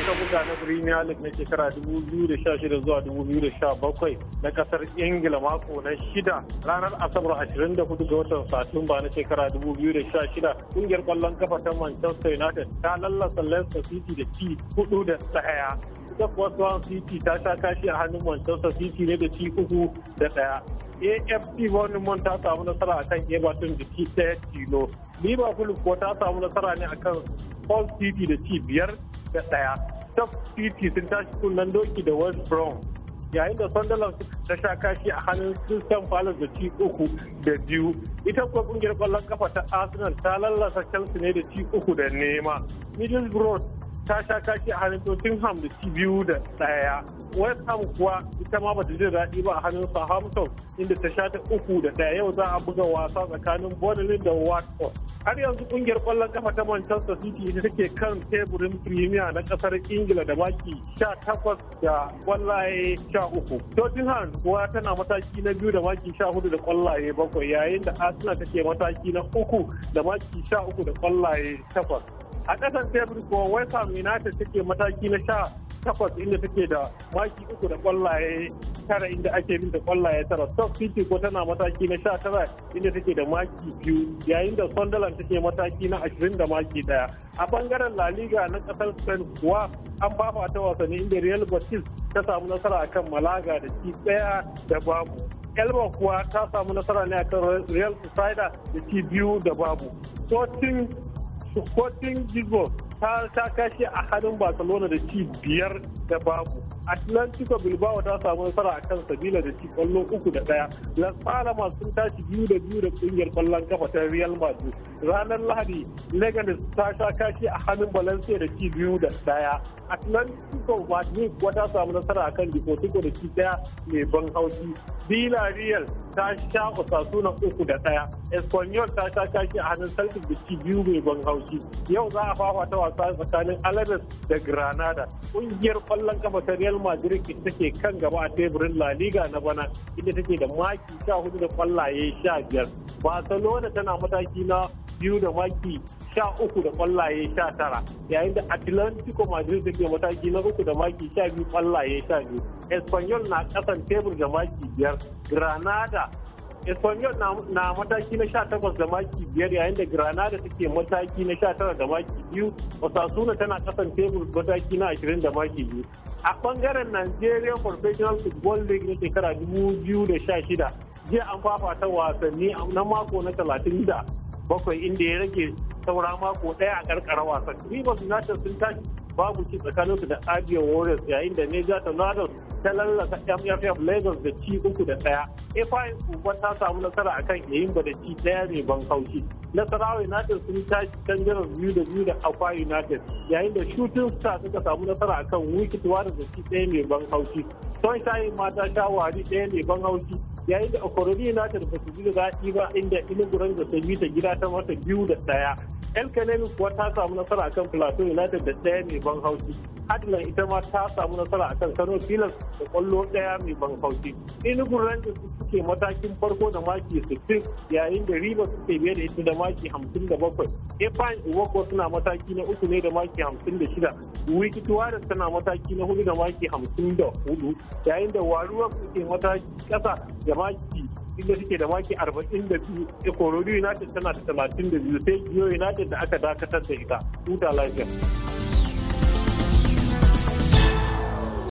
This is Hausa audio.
aka buga na Premier League na shekara 2016 zuwa 2017 na kasar Ingila mako na shida ranar Asabar 24 ga watan Satumba na shekara 2016 kungiyar kwallon kafa ta Manchester United ta lallasa Leicester City da ci 4 da daya. Ita kuwa Swan City ta sha kashi a hannun Manchester City ne da ci 3 da daya. AFC Bournemouth ta samu nasara akan Everton da ci 1 tilo. Liverpool kuwa ta samu nasara ne akan Hull City da ci 5 da daya. Stoke City sun tashi sunan doki da West Brom. Yayin da Sunderland ta sha kashi a hannun Crystal Palace da ci uku da biyu. Ita kuwa kungiyar kwallon kafa ta Arsenal ta lallasa Chelsea ne da ci uku da nema. Middlesbrough ta sha a hannun Tottenham da ci biyu da ɗaya. West Ham kuwa ita ma bata jin daɗi ba a hannun Southampton inda ta sha ta uku da ɗaya yau za a buga wasa tsakanin Bournemouth da Watford. Har yanzu kungiyar ƙwallon kafa ta Manchester City ita take kan teburin Premier na ƙasar Ingila da maki sha takwas da ƙwallaye sha uku. Tottenham kuwa tana mataki na biyu da maki sha hudu da ƙwallaye bakwai yayin da Arsenal take mataki na uku da maki sha uku da ƙwallaye takwas. a ƙasar tebur kuwa west ham united take mataki na sha takwas inda take da maki uku da kwallaye tara inda ake bin da kwallaye tara stock city ko tana mataki na sha tara inda take da maki biyu yayin da sunderland take mataki na ashirin da maki daya a bangaren la liga na ƙasar spain kuwa an fafa ta wasanni inda real batis ta samu nasara akan malaga da ci daya da babu elba kuwa ta samu nasara ne akan real sociedad da ci biyu da babu sporting Gizmo ta kashe a hannun Barcelona da ci biyar da babu. Atlantico Bilbao ta samu nasara a kan Sabila da ci kwallo uku da ɗaya. Las Palmas sun tashi biyu da biyu da ƙungiyar kwallon kafa ta Real Madrid. Ranar Lahadi Leganes ta sha kashe a hannun Valencia da ci biyu da ɗaya. atlantico madrid wata samu nasara akan deportivo da ci daya mai ban haushi villarreal ta sha osasuna uku da daya espanyol ta sha kashi a hannun celtic da ci biyu mai ban haushi yau za a ta wasa tsakanin alaves da granada ƙungiyar kwallon kafa ta real madrid take kan gaba a teburin la liga na bana inda take da maki sha hudu da kwallaye sha biyar barcelona tana mataki na biyu da maki sha uku da kwallaye sha tara yayin da atlantico madrid da ke mataki na uku da maki sha biyu kwallaye sha biyu espanyol na kasan tebur da maki biyar granada espanyol na mataki na sha takwas da maki biyar yayin da granada take mataki na sha tara da maki biyu osasuna tana kasan tebur mataki na ashirin da maki biyu a bangaren nigerian professional football league na shekara dubu biyu da sha shida jiya an fafata wasanni na mako na talatin da bakwai inda ya rage saura mako ɗaya a karkara wasan rivers united sun tashi babu ci tsakanin su da abia warriors yayin da niger tornadoes ta lallasa mff lagos da ci uku da ɗaya fayin kuma ta samu nasara akan ba da ci ɗaya mai ban kaushi nasarawa united sun tashi jiran biyu da biyu da akwa united yayin da shooting star suka samu nasara akan kan warriors da ci ɗaya mai ban kaushi sun shayi mata shawari ɗaya ne ban haushi yayin da ta da ba su ji da zaɓi ba inda Enugu da ta yi ta gida ta mata biyu da ɗaya. el kanemi kuwa ta samu nasara akan plateau united da ɗaya mai ban haushi adilan ita ma ta samu nasara akan kano pilas da kwallo ɗaya mai ban haushi Inugun rangers suke matakin farko da maki 16 yayin da riba suke biye da ita da maki 57 epan iwako suna mataki na uku ne da maki 56 wikituwa da tana mataki na hudu da maki 54 yayin da waruwa suke mataki ƙasa da maki inda suke da maki 42 ikorodu united tana da 32 sai giyo united da aka dakatar da ita huta lafiya